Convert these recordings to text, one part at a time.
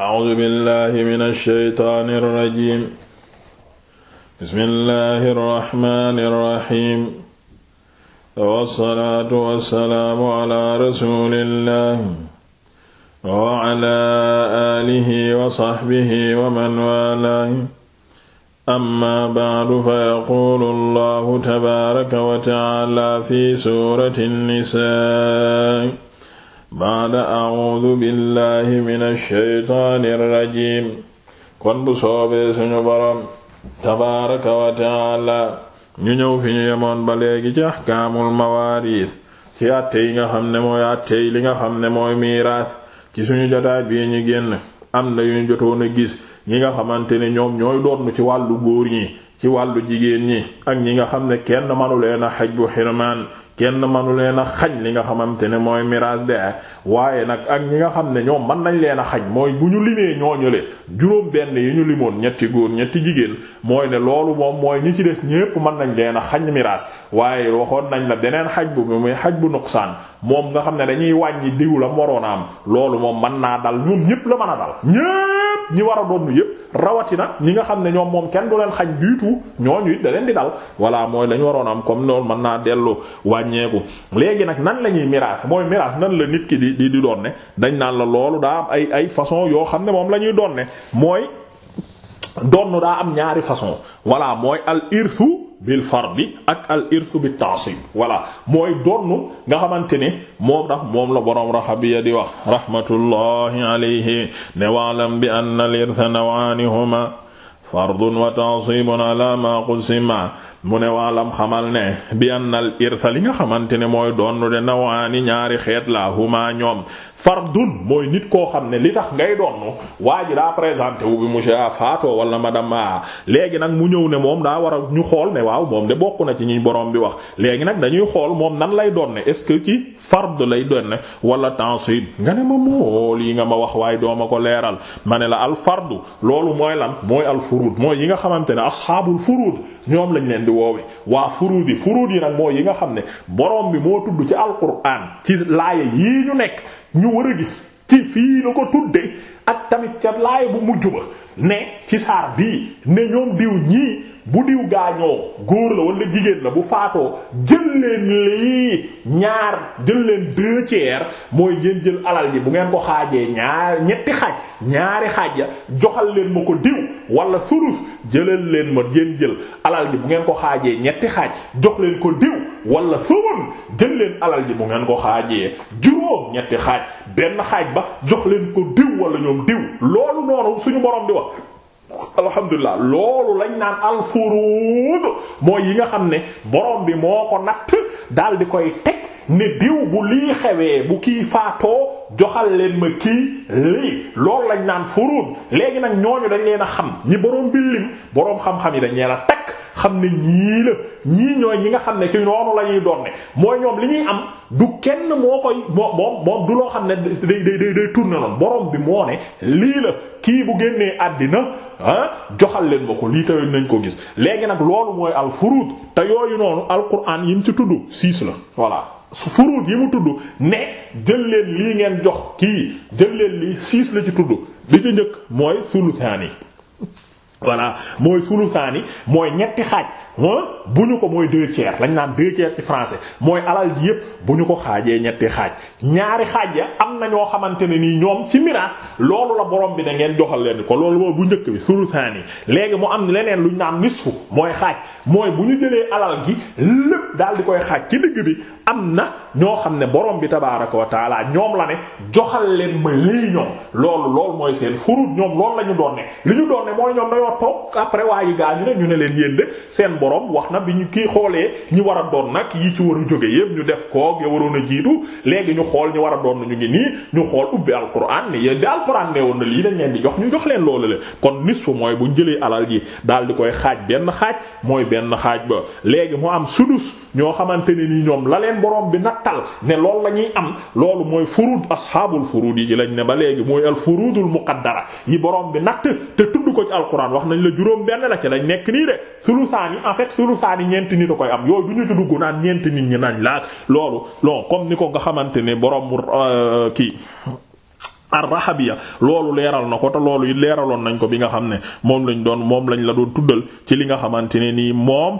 a'uuzu billahi mina shaytaani rajiim bismillahi rahmaani rahiim wassalaatu wassalaamu ala rasuulillahi wa ala aalihi wa sahbihi wa man waalaahi amma ba'du fa yaquulu allahu tabaaraka wa ta'aala fi suurati nisaa baada audu billahi min alsheytaani irrajim kon bu soobee suñu boroom tabaaraka wa taala ñu ñëw fi ñu yemoon ba léegi ci axkaamul mawaariis ci àtte yi nga xam ne mooy àtte yi li nga xam ne mooy miiraas ci suñu jotaay bii ñu génn am na yu ñu jotoon a gis ñi nga xamante ne ñoom ñooy doon ci wàllu góor ñi ci wàllu jigéen ñi ak ñi nga xam ne kenn manu leen a xaj bu xirmaan kenn manu leen a xañ li nga xamante ne mooy miraas de waaye nag ak ñi nga xam ne ñoom mën nañ leen a xañ mooy bu ñu limee ñooñule juróom benn yi ñu limoon ñetti góor ñetti jigéen mooy ne loolu moom mooy ñi ci des ñépp mën nañ leen a xañ miraas waaye waxoon nañ la beneen xaj bu bi muy xaj bu nuqsaan moom nga xam ne dañuy wàññi diw la a am loolu moom mën naa dal ñoom ñépp la mën a dal ñi war a doon yëpp rawatina ñi nga xam ne ñoom moom kenn du leen xañ du tout ñooñu it leen di dal voilà mooy la ñu waroon am comme loolu mën naa dellu wàññeeku. léegi nag nan la ñuy miraas mooy miraas nan la nit ki di di doon ne dañ naan la loolu daa am ay ay façon yoo xam ne moom la ñuy doon mooy donn daa am ñaari façon voilà mooy al irthu bil fardi ak al irthu bi ta'sib voilà mooy donn nga xamante ne moom tax moom la boroom raxabiya di wax rahmatullahi alayhi ne wa'lam bi anna al nawaani huma fardun wa ta'sibun ala ma mu ne waalam xamal ne bi annal irsa li nga xamante ne mooy doon de nawaani ñaari xeet la huma ñoom fardun mooy nit koo xam ne li tax ngay doon waa ji daa présenté wu bi monsieur a faatoo wala madame a léegi nag mu ñëw ne moom daa war a ñu xool ne waaw moom de bokk na ci ñuy borom bi wax léegi nag dañuy xool moom nan lay doon ne est-ce que ci fard lay doon ne wala tansid nga ne ma mool yi nga ma wax waaye dooma ko leeral ma ne la al fardu loolu mooy lan mooy al yi nga xamante ne asxaabul furud ñoom lañ woowe waa furuud yi furuud yi nag mooy yi nga xam ne borom bi moo tudd ci alquran ci laaya yii ñu nekk ñu war a gis ci fii la ko tudde ak tamit ca laaya bu mujj ba ne ci saar bii ne ñoom diw ñii bu diw gaañoo góor la wala jigéen la bu faatoo jël leen lii ñaar jël leen deux mooy ngeen jël alal ji bu ngeen ko xaajee ñaar ñetti xaaj ñaari xaaj ya joxal leen ma ko diw wala suruf jëlal leen ma ngeen jël alal ji bu ngeen ko xaajee ñetti xaaj jox leen ko diw wala sumun jël leen alal ji bu ngeen ko xaajee juróom ñetti xaaj benn xaaj ba jox leen ko diw wala ñoom diw loolu noonu suñu borom di wax alhamdulilah loolu lañ naan alfuruud mooy yi nga xam ne borom bi moo ko natt daal di koy teg. ne diw bu lii xewee bu kii faatoo joxal leen ma kii lii loolu lañ naan furuud léegi nag ñooñu dañ leen a xam ñi borom bi lim boroom xam-xam yi dañ leen a takk xam ne ñii la ñii ñooy ñi nga xam ne ci noonu la ñuy doon ne mooy ñoom li ñuy am du kenn moo koy moo moom moom du loo xam ne day day day day tourner noonu borom bi moo ne lii la kii bu génnee àddina ah joxal leen ma ko lii tamit nañ ko gis léegi nag loolu mooy al furuud te yooyu noonu al quraan yi mu ci tudd siis la voilà. furuut yi mu tudd ne jël leen lii ngeen jox kii jël leen lii siis la ci tudd li ci njëkk mooy sulusaani voilà mooy sulusaani mooy ñetti xaaj bu ñu ko mooy deux tiers lañ naan deux tiers ci français mooy alal ji yépp bu ñu ko xaajee ñetti xaaj ñaari xaaj ya am na ñoo xamante ne nii ñoom ci miraas loolu la borom bi da ngeen joxal leen ko loolu mooy bu njëkk bi sulusaani léegi mu am leneen luñ naan nisfu mooy xaaj mooy bu ñu jëlee alal gi lépp daal di koy xaaj ci digg bi am na ñoo xam ne borom bi tabaaraka wa taala ñoom la ne joxal leen ma lii ñoom loolu loolu mooy seen furut ñoom loolu la ñu doon ne li ñu doon ne mooy ñoom dañoo toog après waa yi gaañu ne ñu ne leen yéen de borom wax na bi ñu kii xoolee ñi war a doon nag yi ci war a jóge ñu def koog ya a jiitu léegi ñu xool ñi war a doon ñu ngi nii ñu xool ubbi alquran ne yéen di alquran ne woon na lii lañ leen di jox ñu jox leen loolu la kon nisfu mooy bu jëlee alal yi daal di koy xaaj benn xaaj mooy benn xaaj ba léegi mu am sudus ñoo xamante ni ñoom la leen leen borom bi nattal ne loolu la am loolu mooy furud asxaabul furud yi ci lañ ne ba léegi mooy al furudul muqaddara yi borom bi natt te tudd ko ci alquran wax nañ la juróom benn la ci lañ nekk nii de sulusaani en fait sulusaani ñeenti nit a koy am yooyu du ñu ci dugg naan ñeenti nit ñi nañ laaj loolu loo comme ni ko nga xamante ne borom euh, kii. ar-Rahabiyya loolu leeral na ko te loolu yi leeraloon nañ ko bi nga xam ne moom lañ doon moom lañu la doon tuddal ci li nga xamante ne nii moom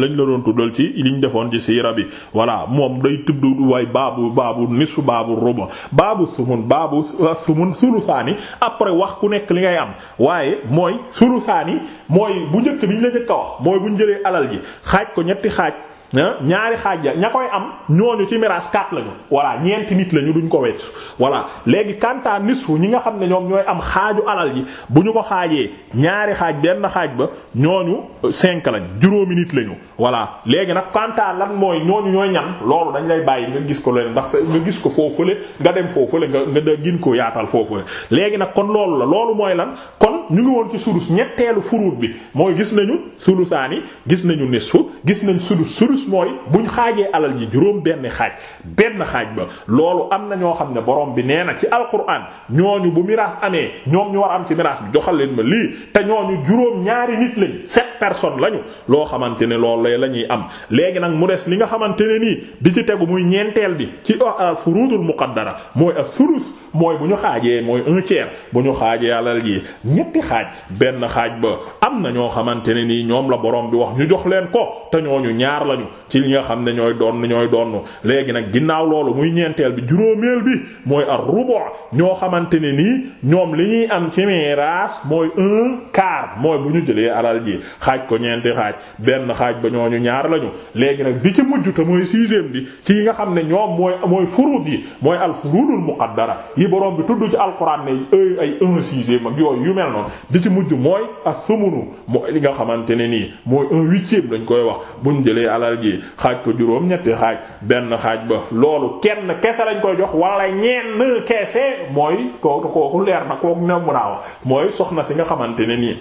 lañ la doon tuddal ci liñ defoon ci siira bi voilà moom day tudd way baabu baabu nisfu baabu ruba baabu sumun baabu sumun sulusaani après wax ku nekk li ngay am waaye mooy sulusaani mooy bu njëkk bi ñu la njëkk a wax mooy bu jëlee alal ji xaaj ko ñetti xaaj Ah? ñaari xaaj ya ña koy am ñooñu ci miraas quatre lañu voilà ñeenti nit lañu duñ ko wecc voilà léegi kanta nisfu ñi nga xam ne ñoom ñooy am xaaju alal yi bu ñu ko xaajee ñaari xaaj benn xaaj ba ñooñu cinq lañ juróomi nit lañu voilà léegi nag quanta lan mooy ñooñu ñooy ñan loolu dañ lay bàyyi nga gis ko leen ndax nga gis ko foofule nga dem foofule nga nga gin ko yaatal foofule léegi nag kon loolu la loolu mooy lan kon ñu ngi woon ci sudus ñetteelu furuut bi mooy gis nañu sulusaani gis nañu nisfu gis nañ sudus sudus mooy ñu xaajee alal ji juróom benn xaaj benn xaaj ba loolu am na ñoo xam ne borom bi nee na ci alquran ñooñu bu miraas amee ñoom ñu am ci miraas joxal leen ma lii te ñooñu juróom ñaari nit lañ sept personnes lañu loo xamante ne loolu la ñuy am léegi nag mu des li nga xamante ne nii di ci tegu muy ñeenteel bi ci euh, furudul muqaddara mooy ak furus mooy bu ñu xaajee mooy un tiers bu ñu xaajee alal ji ñetti xaaj benn xaaj ba am na ñoo xamante ne nii ñoom la borom bi wax ñu jox leen ko te ñooñu ñaar lañu ci li nga xam ne ñooy doon ñooy doon léegi nag ginnaaw loolu muy ñeenteel bi juróomeel bi mooy ar rubu ñoo xamante ne nii ñoom li ñuy am ci miraas mooy un mooy bu ñu jëlee alal ji xaaj ko ñeenti xaaj benn xaaj ba ñooñu ñaar lañu léegi nag bi ci mujj te mooy sixième bi ci nga xam ne ñoom mooy mooy furuud yi mooy al furuudul muqaddara borom bi tudd ci alxuraan ne ay ay un sixième ak yooyu yu mel noonu di ci mujj mooy ak sumunu mooy li nga xamante ne nii mooy un huitième dañ koy wax bu ñu jëlee alal ji xaaj ko juróom ñetti xaaj benn xaaj ba loolu kenn kese lañ koy jox wala ñenn kese mooy kooku kooku leer na kooku ne mu naa wax mooy soxna si nga xamante ne nii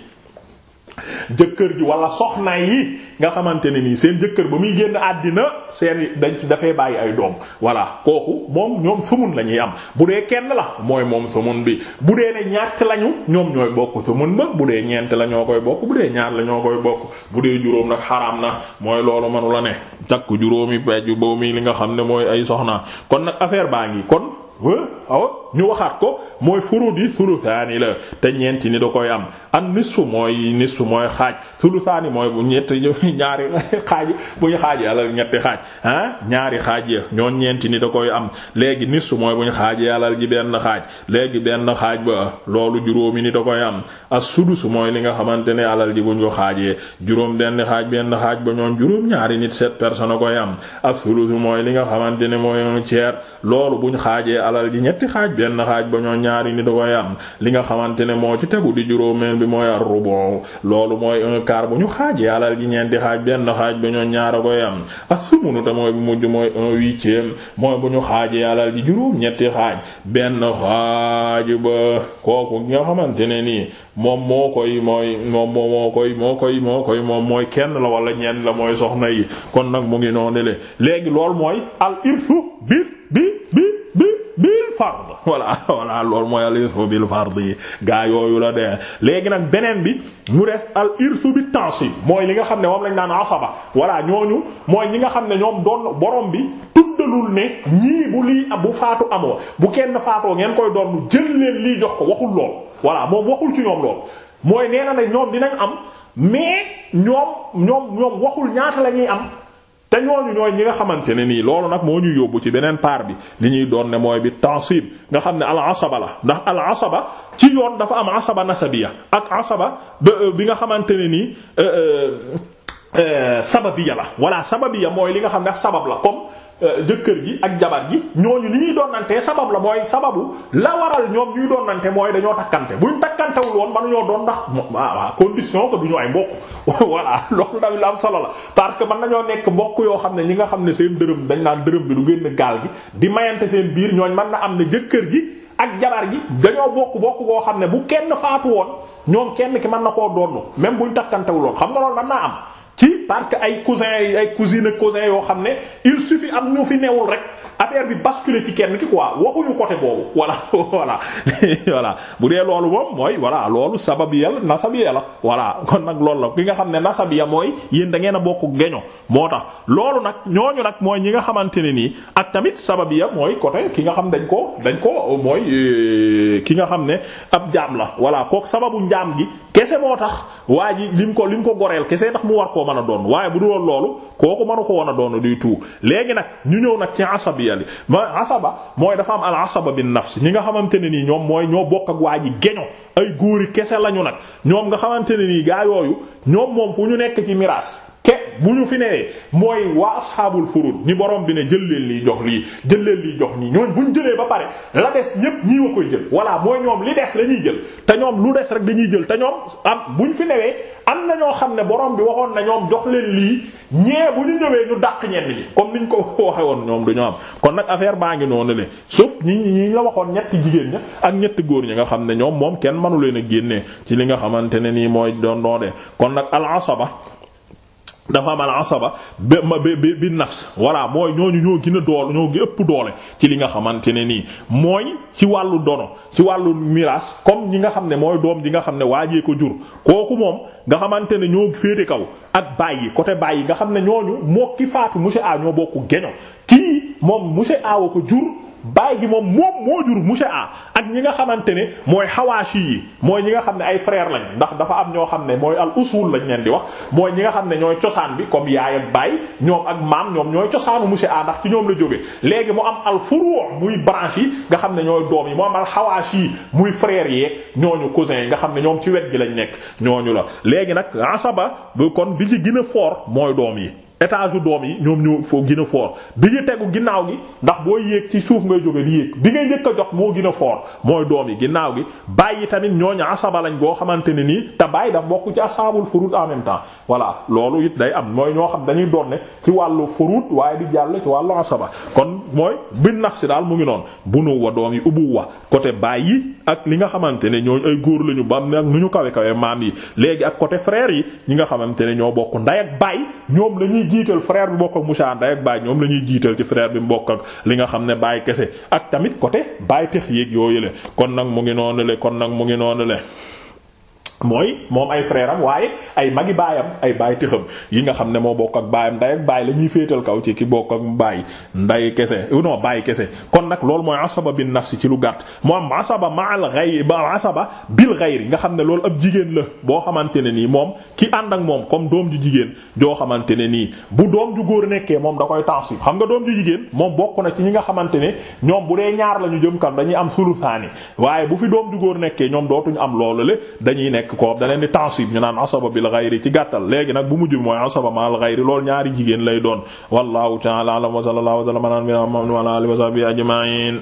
jëkkër ji wala soxna yi nga xamante ne nii seen jëkkër ba muy génn àddina seen dañ dafay bàyyi ay doom voilà kooku moom ñoom sumun la am bu dee kenn la mooy moom sumun bi bu dee ne ñatt lañu ñoom ñooy bokk sumun ba bu dee ñeent la ñoo koy bokk bu dee ñaar la ñoo koy bokk bu dee juróom nag xaraam na mooy loolu manu la ne takk juróomi pejju boobu mii li nga xam ne mooy ay soxna kon nag affaire baa ngi kon aw ñu waxaat ko mooy furud yi sulusaani la te ñeenti ni da koy am an nisfu mooy nisfu mooy xaaj sulusaani mooy bu ñetti ñaari xaaj bu ñu xaaj alal ñetti xaaj ah ñaari xaaj ya ñoon ñeenti ni da koy am léegi nisfu mooy bu ñu xaaj alal ji benn xaaj léegi benn xaaj ba loolu juróomi ni da koy am as sudus mooy li nga xamante ne alal ji bu ñu xaajee juróom benn xaaj benn xaaj ba ñoon juróom ñaari nit sept personnes a koy am as sulus mooy li nga xamante ne mooy un tiers loolu bu ñu xaajee alal ji ñetti xaaj benn xaaj ba ñoo ñaari nit koy am li nga xamante ne moo ci tegu di juróomeel bi mooy ar-rubu loolu mooy un quart bu ñu xaajee alal xaaj benn ba ñoo ñaar a koy am as bu mujj mooy un huitième mooy bu ñu xaajee alal ji juróom ñetti xaaj benn xaaj ba kooku nga xamante ne nii moom moo koy mooy moom moo koy moo koy moom mooy kenn la wala ñenn la mooy soxna yi kon nag mu ngi noonu le léegi loolu mooy al irtu bi bi bi fard voilà voilà loolu mooy al irsu bil fard yi gaa yooyu la de léegi nag beneen bi mu des al irsu bi tansi mooy li nga xam ne moom lañ naan asaba voilà ñooñu mooy ñi nga xam ne ñoom doon borom bi tuddalul ne ñii bu lii bu faatu amoo bu kenn faatoo ngeen koy doon jël leen lii jox ko waxul lool voilà moom waxul ci ñoom lool mooy nee na ne ñoom dinañ am mais ñoom ñoom waxul ñaata lañuy am. te ñooñu ñooy ñi nga xamante ne nii loolu nag moo ñu yóbbu ci beneen paar bi li ñuy doon ne mooy bi tansib nga xam ne al asaba la ndax al asaba ci yoon dafa am asaba nasabiya ak asaba euh, bi nga xamante ne nii euh, euh, sababiya la walla sababiya mooy li nga xam ne sabab la comme jëkkër euh, gi ak jabar gi ñooñu li ñuy doonante sabab la mooy sababu la waral ñoom ñuy doonante mooy dañoo takkante buñ takkantewul woon mënuñoo doon ndax waaw condition que ñu ay mbokk voilà loolu tamit lu am solo la parce que mën nañoo nekk mbokk yoo xam ne ñi nga xam ne seen dërëm dañ naan dërëm bi du génn gaal gi di mayante biir ñooñ mën na am ne jëkkër gi ak jabar gi dañoo bokk bokk koo xam ne bu kenn faatu woon ñoom kenn ki mën na koo doon même buñ takkantewul woon xam nga loolu man naa am ci parce que ay cousin ay cousine ak cousin yoo xam ne il suffit am ñu fi newul rek affaire bi basculer ci kenn ki quoi waxuñu côté boobu voilà voilà voilà bu dee loolu moom mooy voilà loolu sababiyal la nasabiya la voilà kon nag loolu la ki nga xam ne nasabiya mooy yéen da ngeen a bokk geño moo tax loolu nag ñooñu nag mooy ñi nga xamante ne nii ak tamit sababiya mooy côté ki nga xam dañ ko dañ ko mooy euh, ki nga xam ne ab jaam la voilà kook sababu njaam gi kese moo tax waa ji lim ko lim ko goreel kese tax mu war ko koo a doon waaye bu du woon loolu kooku mënu ko woon a doon du tout léegi nag ñu ñëw nag ci asabiya li mooy asaba mooy dafa am al asaba bin nafs ñi nga xamante ne nii ñoom mooy ñoo bokk ak waa ji geño ay góori kese lañu nag ñoom nga xamante ne nii gaa yooyu ñoom moom fu ñu nekk ci miraas kepp bu ñu fi newee mooy waa asxaabul furud ñi borom bi ne jël leen lii jox lii jël leen lii jox nii ñooñ bu jëlee ba pare la des ñépp ñii wa koy jël voilà mooy ñoom li des la ñuy jël te ñoom lu des rek dañuy jël te ñoom am bu ñu fi newee am na ñoo xam ne borom bi waxoon na ñoom jox leen lii ñee bu ñu ñëwee ñu dàq ñenn ñi comme niñ ko waxe woon ñoom du am kon nag affaire baa ngi noonu le sauf ñi ñi la waxoon ñetti jigéen ña ak ñett góor ñi nga xam ne ñoom moom kenn mënu leen a génnee ci li nga xamante ne nii mooy doon doon de kon nag al asaba dafa am al asaba bi bi bi nafs voilà mooy ñooñu ñoo gën a dool ñoo gi ëpp doole ci li nga xamante ne nii mooy ci wàllu dono ci wàllu miraas comme ñi nga xam ne mooy doom ji nga xam ne waajee ko jur kooku moom nga xamante ne ñoo féete kaw ak bàyyi côté bàyyi nga xam ne ñooñu moo ki faatu monsieur A ñoo bokk geño kii moom monsieur A ko jur baay gi moom moom moo jur monsieur A ak ñi nga xamante ne mooy xawaashi yi mooy ñi nga xam ne ay frère lañ ndax dafa am ñoo xam ne mooy al usul lañ leen di wax mooy ñi nga xam ne ñooy cosaan bi comme yaay ak baay ñoom ak maam ñoom ñooy cosaanu monsieur A ndax ci ñoom la jógee léegi mu am al furu' muy branche yi nga xam ne ñooy doom yi mu am al xawaashi muy frère yeeg ñooñu cousin yi nga xam ne ñoom ci wet gi lañ nekk ñooñu la léegi nag asaba bu kon bi ci gën a mooy doom yi étage doom yi ñoom ñoo foo gën a bi ñu tegu ginnaaw gi ndax boo yéeg ci suuf ngay jóge di yéeg bi ngay njëkk jox moo gën a fort mooy doom yi ginnaaw gi bàyyi tamit ñooñu asaba lañ goo xamante ne nii te bàyyi daf bokk ci asaabul furud en même temps voilà loolu it day am mooy ñoo xam dañuy doon ci wàllu furud waaye di ci wàllu asaba kon mooy bin nafsi daal mu ngi noonu bunu wa doom yi ubu wa côté bàyyi ak li nga xamante ne ñooñu ay góor lañu ba ak nu ñu kawe kawe maam yi léegi ak coté frère yi ñi nga xamante ne ñoo bokk nday ak baay ñoom lañuy jiital frère bi bokk ak Moussa Ndeye ak Baye ñoom lañuy jiital ci frère bi mbokk ak li nga xam ne baay kese ak tamit côté Baye tex yeeg yooyu le kon nag mu ngi noonu le kon nag mu ngi noonu le mooy moom ay frère am waaye ay magi baayam ay baay tëxam yi nga xam ne moo bokk ak baayam nday ak baay la ñuy féetal kaw ci ki bokk ak baay nday kese non baay kese kon nag loolu mooy asaba bin nafsi ci lu gàtt mu am asaba ma'al ghayr ba asaba bil ghayr nga xam ne loolu ab jigéen la boo xamante ne nii moom ki ànd ak moom comme doom ju jigéen joo xamante ne nii bu doom ju góor nekkee moom da koy tansib xam nga doom ju jigéen moom bokk na ci ñi nga xamante ne ñoom bu dee ñaar la ñu jëm kan dañuy am sulusaani waaye bu fi doom ju góor nekkee ñoom dootuñu am loolu le dañuy nekk nekk ko da leen di tansib ñu naan asaba bil ghayri ci gàttal léegi nag bu mujj mooy asaba mal ghayri lool ñaari jigéen lay doon wallahu ta'ala wa sallallahu wa sallama ala alihi wa sahbihi ajma'in